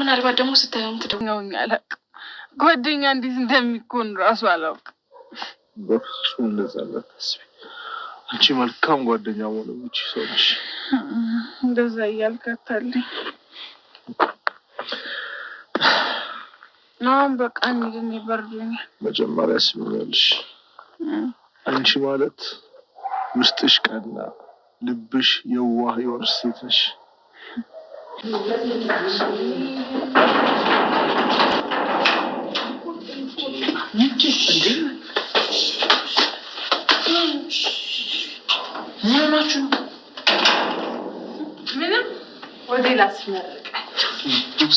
ምናልባት ደግሞ ስታየውም ትደውኛውኝ አላውቅም። ጓደኛ እንዴት እንደሚኮን ራሱ አላውቅም። በፍጹም እንደዛ አንቺ መልካም ጓደኛ ሆነ ውጭ ሰዎች እንደዛ እያልከታልኝ አሁን በቃ እንግዲህ ይበርዱኛል። መጀመሪያ ስምኛልሽ አንቺ ማለት ውስጥሽ ቀና፣ ልብሽ የዋህ የወርሴትሽ ምንም ወደ ላስመረቃቸው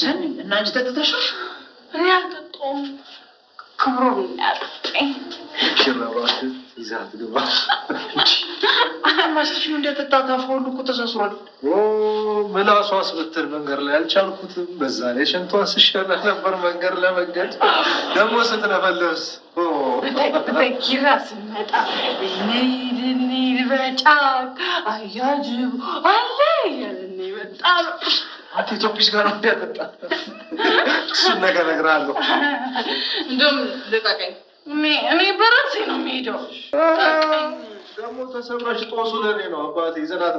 እና አንቺ ጠጥተሻል? እኔ አልጠጣሁም። ክብሮ ያጠጣኝ ይዛት ግባ። ማስትሽ እንደጠጣት አፏ ሁሉ እኮ ተሳስሯል። ምላሷ ስብትር መንገድ ላይ አልቻልኩትም። በዛ ላይ ሸንቷ ስሸና ነበር መንገድ ለመንገድ ደግሞ ስትለፈለስ በኪራ ስመጣ ነይድኒ በጫት አያጅብ አለ ያለኒ በጣም አንተ ኢትዮጲስ ጋር እንዲያጠጣ እሱን ነገር ነግራለሁ። እንደውም ልቀቀኝ እኔ በራሴ ነው የሚሄደው። ደግሞ ተሰብረሽ ጦሱ ለእኔ ነው አባቴ። ይዘናት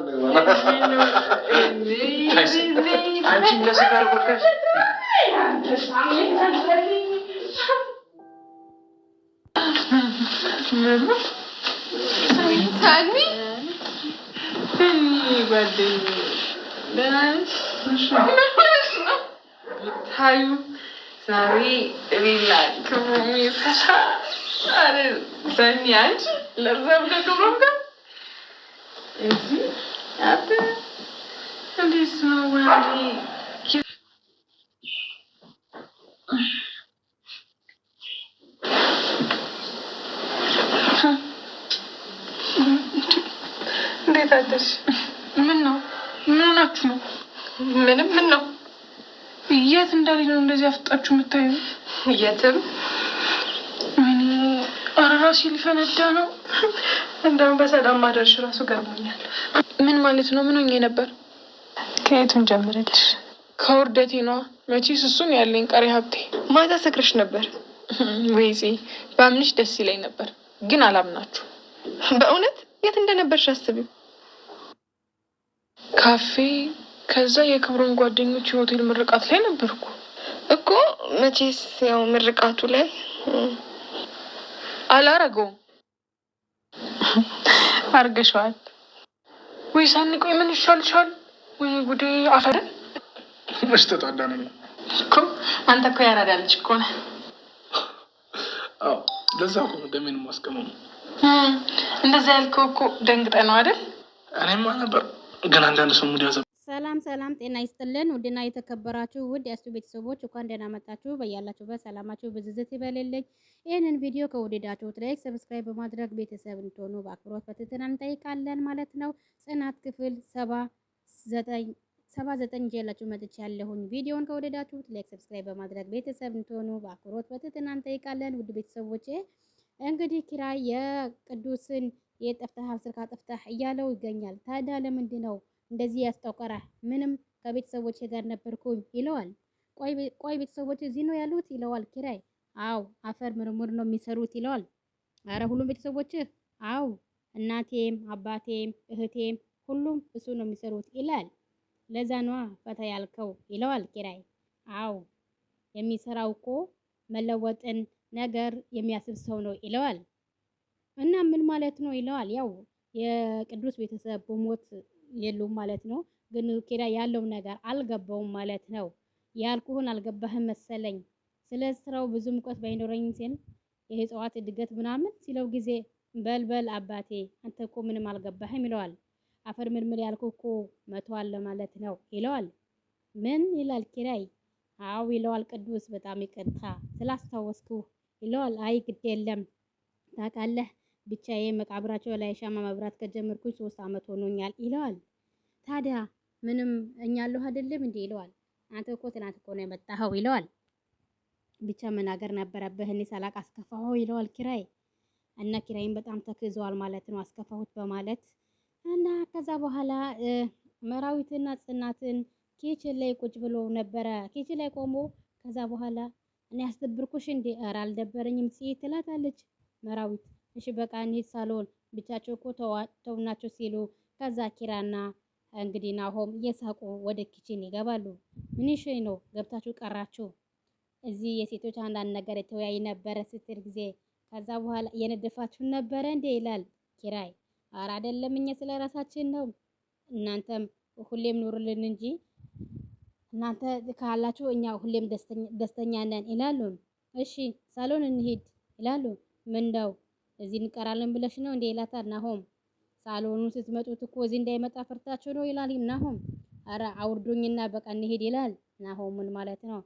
ታዩ። ዛሬ ሌላ ክቡ የሚፈሻ አረ ዘኒ አንቺ ለዛ ብለ ጋር እዚ አብ እንዴት ነው ወንዴ እንዴት አደርሽ? ምን ነው? ምን ሆናችሁ ነው? ምንም ምን ነው የት እንዳለኝ ነው እንደዚህ አፍጣችሁ የምታዩ? የትም። ወይኔ ኧረ ሊፈነዳ ነው። እንደውም በሰላም ማደርሽ እራሱ ገርሞኛል። ምን ማለት ነው? ምን ሆኜ ነበር? ከየቱን ጀምርልሽ? ከውርደቴ ነዋ። መቼስ እሱን ያለኝ ቀሪ ሀብቴ። ማታ ሰክረሽ ነበር ወይዚ? በአምንሽ ደስ ይለኝ ነበር፣ ግን አላምናችሁ። በእውነት የት እንደነበርሽ አስቢው። ካፌ ከዛ የክብሮም ጓደኞች የሆቴል ምርቃት ላይ ነበርኩ እኮ። መቼስ ያው ምርቃቱ ላይ አላረገውም። አርገሸዋል ወይ ሳንቆ ምን ይሻልሻል? ወይ ጉዴ! አፈርን መች ተጣዳን እኮ። አንተ እኮ ያራዳለች እኮ ነህ። ለዛ እኮ ደሜን ማስቀመሙ እንደዛ ያልከው እኮ ደንግጠ ነው አይደል? እኔማ ነበር ግን አንዳንድ ሰው ሙድ ያዘ ሰላም ሰላም፣ ጤና ይስጥልን ውድና የተከበራችሁ ውድ ያሱ ቤተሰቦች እንኳን ደህና መጣችሁ። በያላችሁበት በሰላማችሁ ብዝዝት ይበልልኝ። ይህንን ቪዲዮ ከወደዳችሁት ላይክ፣ ሰብስክራይብ በማድረግ ቤተሰብ እንድትሆኑ በአክብሮት በትህትና እንጠይቃለን ማለት ነው። ጽናት ክፍል ሰባ ዘጠኝ ሰባ ዘጠኝ ይዤላችሁ ያለሁኝ ቪዲዮን ከወደዳችሁት ላይክ፣ ሰብስክራይብ በማድረግ ቤተሰብ እንድትሆኑ በአክብሮት በትህትና እንጠይቃለን። ውድ ቤተሰቦቼ እንግዲህ ኪራይ የቅዱስን የት ጠፍተሃል፣ ስልክ አጥፍተህ እያለው ይገኛል። ታዲያ ለምንድን ነው እንደዚህ ያስጠቆራል። ምንም ከቤተሰቦች ጋር ነበርኩኝ ይለዋል። ቆይ ቤተሰቦች እዚህ ነው ያሉት ይለዋል ኪራይ። አው አፈር ምርምር ነው የሚሰሩት ይለዋል። አረ ሁሉም ቤተሰቦች አው እናቴም አባቴም እህቴም ሁሉም እሱ ነው የሚሰሩት ይላል። ለዛ ነዋ ፈታ ያልከው ይለዋል ኪራይ። አው የሚሰራው እኮ መለወጥን ነገር የሚያስብ ሰው ነው ይለዋል። እና ምን ማለት ነው ይለዋል። ያው የቅዱስ ቤተሰብ በሞት የሉም ማለት ነው። ግን ሩኬዳ ያለው ነገር አልገባውም ማለት ነው። ያልኩህን አልገባህም መሰለኝ። ስለ ስራው ብዙ ሙቀት ባይኖረኝ ሲል የህፃዋት እድገት ምናምን ሲለው ጊዜ በልበል አባቴ አንተ እኮ ምንም አልገባህም ይለዋል። አፈር ምልምል ያልኩህ እኮ መተዋል ማለት ነው ይለዋል። ምን ይላል ኪራይ? አው ይለዋል ቅዱስ። በጣም ይቅርታ ስላስታወስኩ ይለዋል። አይ ግድ የለም ታውቃለህ ብቻዬ መቃብራቸው ላይ ሻማ መብራት ከጀመርኩኝ ሶስት አመት ሆኖኛል ይለዋል። ታዲያ ምንም እኛለሁ አይደለም እንዴ ይለዋል። አንተ እኮ ትናንት እኮ ነው የመጣኸው ይለዋል። ብቻ መናገር ነበረብህ እኔ ሳላቅ አስከፋኸው ይለዋል ኪራይ እና ኪራይም በጣም ተክዘዋል ማለት ነው አስከፋሁት በማለት እና ከዛ በኋላ መራዊትና ጽናትን ኬችን ላይ ቁጭ ብሎ ነበረ። ኬችን ላይ ቆሞ ከዛ በኋላ እኔ አስደብርኩሽ እንዴ? ኧረ አልደበረኝም ትላታለች መራዊት እሺ በቃ እንሂድ ሳሎን ብቻቸው እኮ ተውናቸው ሲሉ ከዛ ኪራና እንግዲህ ናሆም እየሳቁ ወደ ኪችን ይገባሉ። ምንሽ ነው ገብታችሁ ቀራችሁ? እዚህ የሴቶች አንዳንድ ነገር የተወያይ ነበረ ስትል ጊዜ ከዛ በኋላ እየነደፋችሁን ነበረ እንዴ ይላል ኪራይ። አረ አይደለም እኛ ስለ ራሳችን ነው፣ እናንተም ሁሌም ኑሩልን እንጂ እናንተ ካላችሁ እኛ ሁሌም ደስተኛ ነን ይላሉ። እሺ ሳሎን እንሂድ ይላሉ። ምን ነው እዚህ እንቀራለን ብለሽ ነው እንዴ ይላታል ናሆም። ሳሎኑን ስትመጡት እኮ እዚህ እንዳይመጣ ፈርታችሁ ነው ይላል ናሆም። አረ አውርዶኝና በቃ እንሄድ ይላል ናሆምን ማለት ነው።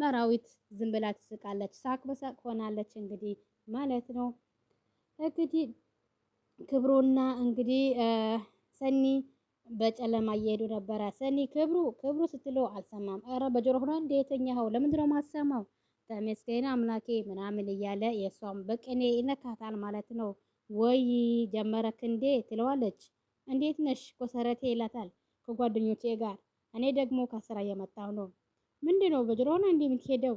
መራዊት ዝም ብላ ትስቃለች፣ ሳቅ በሳቅ ሆናለች እንግዲህ ማለት ነው። እንግዲህ ክብሩና እንግዲህ ሰኒ በጨለማ እየሄዱ ነበረ። ሰኒ ክብሩ ክብሩ ስትለው አልሰማም። አረ በጆሮ ሆኖ እንደ የተኛኸው ለምንድን ነው ማሰማው ተመስገን አምላኬ ምናምን እያለ የእሷም በቅኔ ይነካታል ማለት ነው። ወይ ጀመረክ እንዴ ትለዋለች። እንዴት ነሽ ኮሰረቴ ይላታል ከጓደኞቼ ጋር። እኔ ደግሞ ከስራ የመጣው ነው። ምንድነው በጆሮ ነው እንዴ የምትሄደው?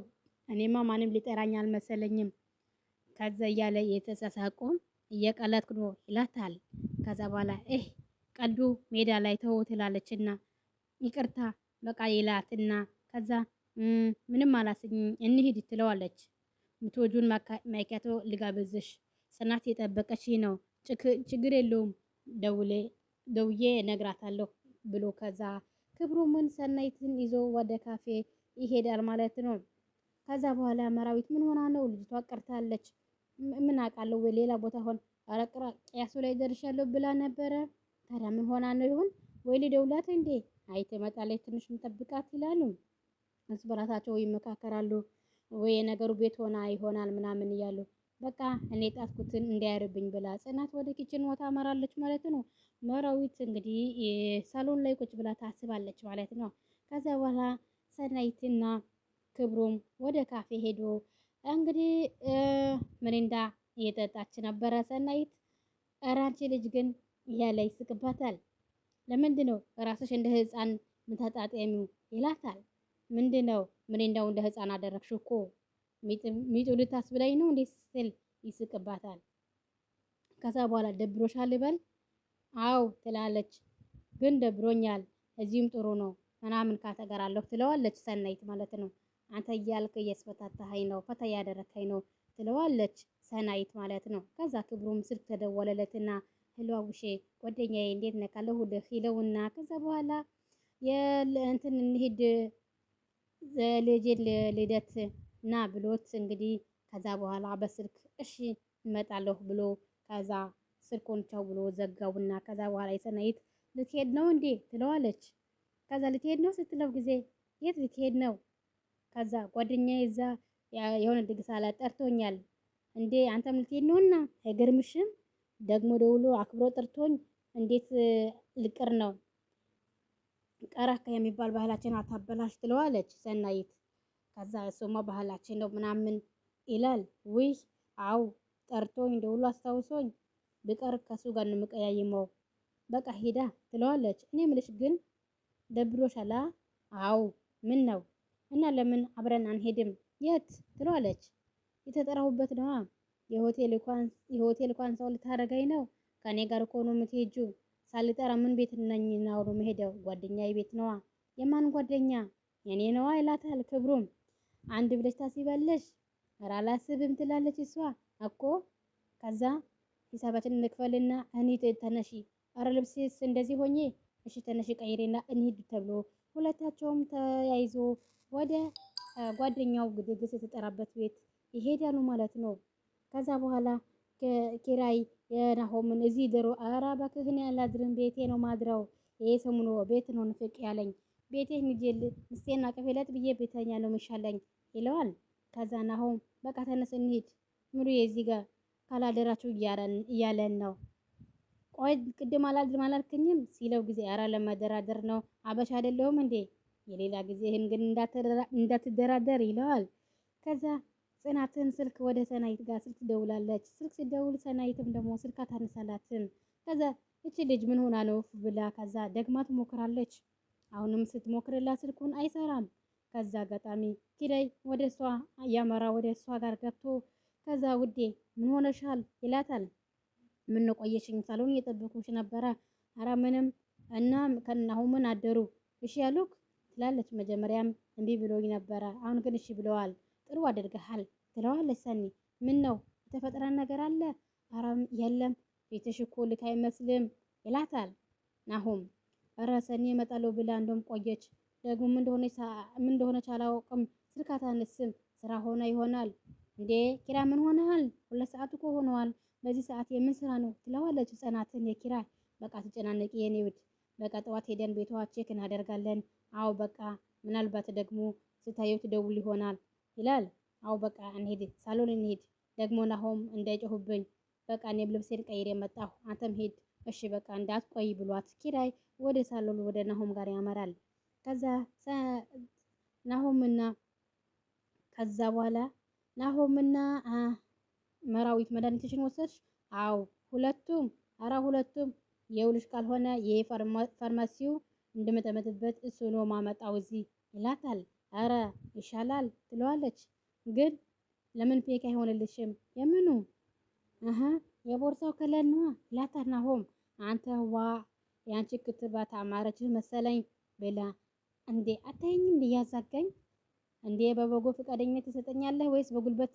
እኔማ ማንም ሊጠራኝ አልመሰለኝም። ከዛ እያለ የተሳሳቁ እየቀለድኩ ነው ይላታል። ከዛ በኋላ እህ ቀልዱ ሜዳ ላይ ተው ትላለችና ይቅርታ በቃ ይላትና ከዛ ምንም አላሰኝም እንሂድ ትለዋለች። ምትወጁን ማይካቶ ልጋበዝሽ፣ ጽናት የጠበቀች ነው፣ ችግር የለውም ደውዬ ነግራታለሁ ብሎ ከዛ ክብሩምን ሰናይትን ይዞ ወደ ካፌ ይሄዳል ማለት ነው። ከዛ በኋላ መራዊት ምን ሆና ነው ልጅቷ ቀርታለች? ምን አውቃለሁ ወይ ሌላ ቦታ ሆን አረቅራ ቅያሱ ላይ ደርሻለሁ ብላ ነበረ። ታዲያ ምን ሆና ነው ይሆን? ወይ ልደውላት እንዴ? አይ ትመጣለች፣ ትንሽ እንጠብቃት ይላሉ። እርስ በራሳቸው ይመካከራሉ። ወይ የነገሩ ቤት ሆና ይሆናል ምናምን እያሉ በቃ እኔ ጣትኩትን እንዳያርብኝ ብላ ጽናት ወደ ኪችን ወታ አመራለች ማለት ነው። መራዊት እንግዲህ ሳሎን ላይ ቁጭ ብላ ታስባለች ማለት ነው። ከዛ በኋላ ሰናይትና ክብሩም ወደ ካፌ ሄዶ እንግዲህ ምሪንዳ እየጠጣች ነበረ። ሰናይት እራንቺ ልጅ ግን እያለ ይስቅባታል። ለምንድን ነው ራስሽ እንደ ህፃን ምታጣጣሚው ይላታል። ምንድን ነው ምን እንደው እንደ ህፃን አደረግሽው እኮ ሚጡ ልታስብላኝ ነው እንዴ ስትል ይስቅባታል። ከዛ በኋላ ደብሮሻል ልበል? አው ትላለች። ግን ደብሮኛል፣ እዚህም ጥሩ ነው ምናምን ካተገራለሁ ትለዋለች። ሰናይት ማለት ነው። አንተ እያልክ እያስፈታታኸኝ ነው፣ ፈታ እያደረግኸኝ ነው ትለዋለች ሰናይት ማለት ነው። ከዛ ክብሩም ስልክ ተደወለለትና ህልዋውሼ ጓደኛዬ እንዴት ነካለሁ ይለውና ከዛ በኋላ የእንትን እንሂድ ልጅ ልደት ና ብሎት እንግዲህ ከዛ በኋላ በስልክ እሺ እንመጣለሁ ብሎ ከዛ ስልኩን ቻው ብሎ ዘጋውና ከዛ በኋላ የሰናይት ልትሄድ ነው እንዴ ትለዋለች። ከዛ ልትሄድ ነው ስትለው ጊዜ የት ልትሄድ ነው? ከዛ ጓደኛ ይዛ የሆነ ድግስ አለ ጠርቶኛል። እንዴ አንተም ልትሄድ ነውና አይገርምሽም? ደግሞ ደውሎ አክብሮ ጠርቶኝ እንዴት ልቅር ነው ቀረህ የሚባል ባህላችን አታበላሽ ትለዋለች ሰናይት። ከዛ እሱማ ባህላችን ነው ምናምን ይላል። ውይ አው ጠርቶኝ ደውሎ አስታውሶኝ ብቀር ከሱ ጋር ነው የምቀያይመው። በቃ ሂዳ ትለዋለች። እኔ ምልሽ ግን ደብሮሻላ? አው ምን ነው እና ለምን አብረን አንሄድም? የት ትለዋለች። የተጠራሁበት ነዋ። የሆቴል እንኳን ሰው ልታረገኝ ነው። ከኔ ጋር እኮ ነው የምትሄጂው ሳልጠራ ምን ቤት ነኝ ነው መሄደው ጓደኛ ቤት ነዋ። የማን ጓደኛ የኔ ነዋ ይላታል ክብሩም። አንድ ብለሽ ታስቢያለሽ? ኧረ አላስብም ትላለች እሷ እኮ። ከዛ ሂሳባችን እንክፈልና እንሂድ ተነሺ፣ ኧረ ልብስስ እንደዚህ ሆኜ እሺ ተነሺ ቀይሬና እንሂድ ተብሎ ሁለታቸውም ተያይዞ ወደ ጓደኛው ግድግስ የተጠራበት ቤት ይሄዳሉ ማለት ነው። ከዛ በኋላ ኪራይ የናሆምን እዚህ ድሮ ኧረ እባክህን ያላድርም ቤቴ ነው ማድረው ይሄ ሰሙኖ ቤት ነው ንፍቅ ያለኝ ቤቴ ንጀል ምስቴና ቀፌለት ብዬ ቤተኛ ነው ምሻለኝ ይለዋል። ከዛ ናሆም በቃ ተነስ እንሂድ ምሩ የዚህ ጋር ካላደራችሁ እያለን ነው። ቆይ ቅድም አላድርም አላልክኝም ሲለው ጊዜ ኧረ ለመደራደር ነው አበሻ አይደለሁም እንዴ የሌላ ጊዜህን ግን እንዳትደራደር ይለዋል። ከዛ ጥናትን ስልክ ወደ ሰናይት ጋር ስልክ ትደውላለች። ስልክ ሲደውል ሰናይትም ደግሞ ስልክ አታነሳላትም። ከዛ እቺ ልጅ ምን ሆና ነው ብላ ከዛ ደግማ ትሞክራለች። አሁንም ስትሞክርላት ስልኩን አይሰራም። ከዛ አጋጣሚ ኪራይ ወደ እሷ ያመራ ወደ እሷ ጋር ገብቶ ከዛ ውዴ ምን ሆነሻል ይላታል። ምን ቆየሽኝ? ሳሎን እየጠበኩሽ ነበረ። አረ ምንም እና ከናሁ ምን አደሩ እሺ ያሉክ ትላለች። መጀመሪያም እንቢ ብሎኝ ነበረ፣ አሁን ግን እሺ ብለዋል። ጥሩ አድርገሃል ትለዋለች ሰኒ። ምን ነው የተፈጠረ ነገር አለ? ኧረ የለም ቤትሽ እኮ ልክ አይመስልም ይላታል ናሁም። እረ ሰኒ እመጣለሁ ብላ እንደውም ቆየች። ደግሞ ምን እንደሆነች አላውቅም። ስልክ አታነስም። ስራ ሆና ይሆናል። እንዴ ኪራ ምን ሆነሃል? ሁለት ሰዓት እኮ ሆነዋል። በዚህ ሰዓት የምን ስራ ነው ትለዋለች ጽናትን። የኪራ በቃ ትጨናነቂ የኔ ውድ፣ በቃ ጠዋት ሄደን ቤቷ ቼክ እናደርጋለን። አዎ በቃ ምናልባት ደግሞ ስታየው ትደውል ይሆናል ይላል አው በቃ እንሄድ ሳሎን እንሄድ። ደግሞ ናሆም እንዳይጮሁብኝ በቃ እኔም ልብሴን ቀይሬ መጣሁ፣ አንተም ሄድ። እሺ በቃ እንዳትቆይ ብሏት ኪራይ ወደ ሳሎን ወደ ናሆም ጋር ያመራል። ከዛ ናሆምና ከዛ በኋላ ናሆምና መራዊት መድኃኒትሽን ወሰድሽ? አው ሁለቱም አራ ሁለቱም የውልሽ ካልሆነ የፋርማሲው እንድመጠመጥበት እሱ ነው ማመጣው እዚህ ይላታል። አረ ይሻላል ትለዋለች። ግን ለምን ፌክ አይሆንልሽም? የምኑ አሀ የቦርሳው ከለር ነዋ። ሆም አንተ ዋ የአንቺ ክትባት አማረች መሰለኝ ብላ እንዴ አታይኝ እንዲያዛጋኝ እንዴ በበጎ ፈቃደኝነት ትሰጠኛለህ ወይስ በጉልበት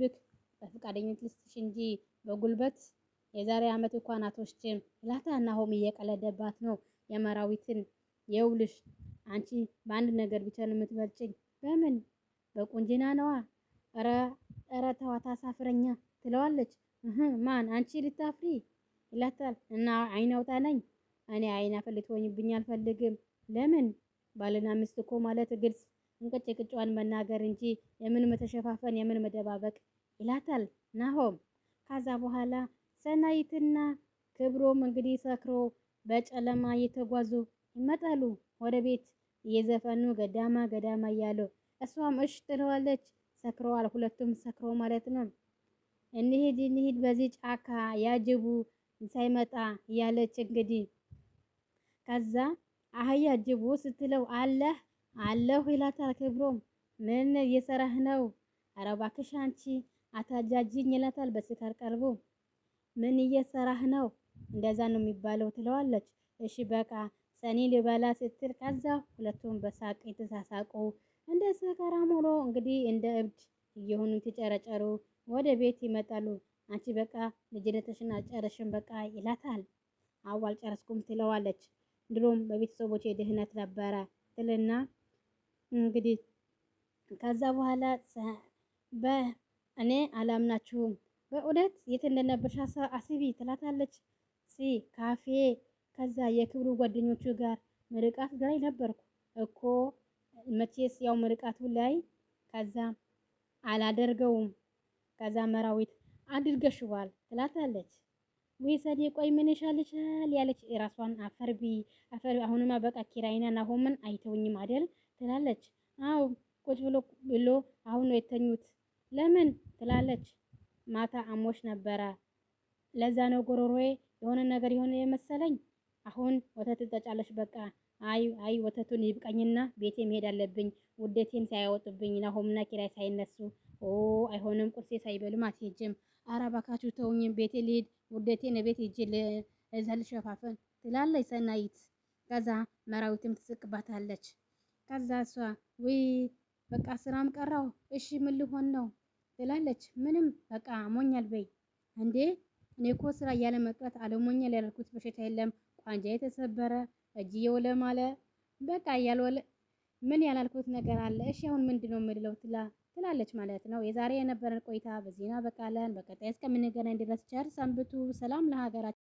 ድብክ? በፈቃደኝነት ልስጥሽ እንጂ በጉልበት የዛሬ አመት እንኳን አትወስጂም። ላታናሆም እየቀለደባት ነው የመራዊትን የውልሽ አንቺ በአንድ ነገር ብቻ ነው የምትበልጭኝ። በምን በቁንጅና ነዋ ኧረ ተዋት አሳፍረኛ ትለዋለች። ማን አንቺ ልታፍሪ ይላታል። እና አይን አውጣ ነኝ እኔ አይን አፈ ልትሆኝብኝ አልፈልግም። ለምን ባልና ሚስት እኮ ማለት ግልጽ እንቅጭ ቅጫዋን መናገር እንጂ የምን መተሸፋፈን የምን መደባበቅ ይላታል ናሆም። ከዛ በኋላ ሰናይትና ክብሮም እንግዲህ ሰክሮ በጨለማ እየተጓዙ ይመጣሉ ወደ ቤት እየዘፈኑ ገዳማ ገዳማ እያሉ እሷም እሽ ትለዋለች። ሰክረዋል። ሁለቱም ሰክረው ማለት ነው። እንሂድ እንሂድ በዚህ ጫካ ያጅቡ ሳይመጣ እያለች እንግዲህ ከዛ አህያ ጅቡ ስትለው አለህ አለሁ ይላታል። ክብሮም ምን እየሰራህ ነው? ኧረ እባክሽ አንቺ አታጃጅኝ ይላታል በስካር ቀርቦ። ምን እየሰራህ ነው? እንደዛ ነው የሚባለው ትለዋለች። እሺ በቃ ሰኒ ልበላ ስትል ከዛ ሁለቱም በሳቅ የተሳሳቁ እንደ ተከራም ሆኖ እንግዲህ እንደ እብድ እየሆኑ የተጨረጨሩ ወደ ቤት ይመጣሉ። አንቺ በቃ ልጅነትሽን አልጨረሽም በቃ ይላታል። አዎ አልጨረስኩም ትለዋለች። ድሮም በቤተሰቦች ድህነት ነበረ ትልና እንግዲህ ከዛ በኋላ በእኔ አላምናችሁም በእውነት የት እንደነበርሽ አስቢ ትላታለች። ሲ ካፌ ከዛ የክብሩ ጓደኞቹ ጋር ምርቃት ላይ ነበርኩ እኮ መቼስ ያው ምርቃቱ ላይ ከዛ አላደርገውም ከዛ መራዊት አድርገሽዋል ትላታለች። ወይ ሰዴ ቆይ ምን ይሻልሻል ያለች ራሷን አፈርቢ አፈር አሁንማ በቃ ኪራይና ናሆምን አይተውኝም አይደል ትላለች። አው ቁጭ ብሎ ብሎ አሁን ነው የተኙት ለምን ትላለች። ማታ አሞሽ ነበረ ለዛ ነው ጎሮሮዬ የሆነ ነገር የሆነ የመሰለኝ። አሁን ወተት ትጠጫለሽ በቃ አይ አይ ወተቱን ይብቀኝና ቤቴ መሄድ አለብኝ። ውደቴን ሳያወጡብኝ ናሆምና ኪራይ ሳይነሱ ኦ አይሆንም፣ ቁርሴ ሳይበሉም አትሄጅም። ኧረ እባካችሁ ተውኝም፣ ቤቴ ልሂድ፣ ውደቴን ቤት ሂጅ እዛ ልሸፋፈን ትላለች ሰናይት። ከዛ መራዊትም ትስቅባታለች። ከዛ እሷ ወይ በቃ ስራም ቀረው፣ እሺ ምን ልሆን ነው ትላለች። ምንም በቃ ሞኛል በይ እንዴ እኔ እኮ ስራ እያለ መቅረት አለሞኛል ያልኩት በሽታ የለም ቋንጃ የተሰበረ እጅ የወለ ማለ በቃ ያልወለ ምን ያላልኩት ነገር አለ። እሺ አሁን ምንድነው የምልለው ትላ ትላለች ማለት ነው። የዛሬ የነበረን ቆይታ በዜና በቃለ በቀጣይ እስከምንገናኝ ድረስ ቸር ሰንብቱ። ሰላም ለሀገራችን።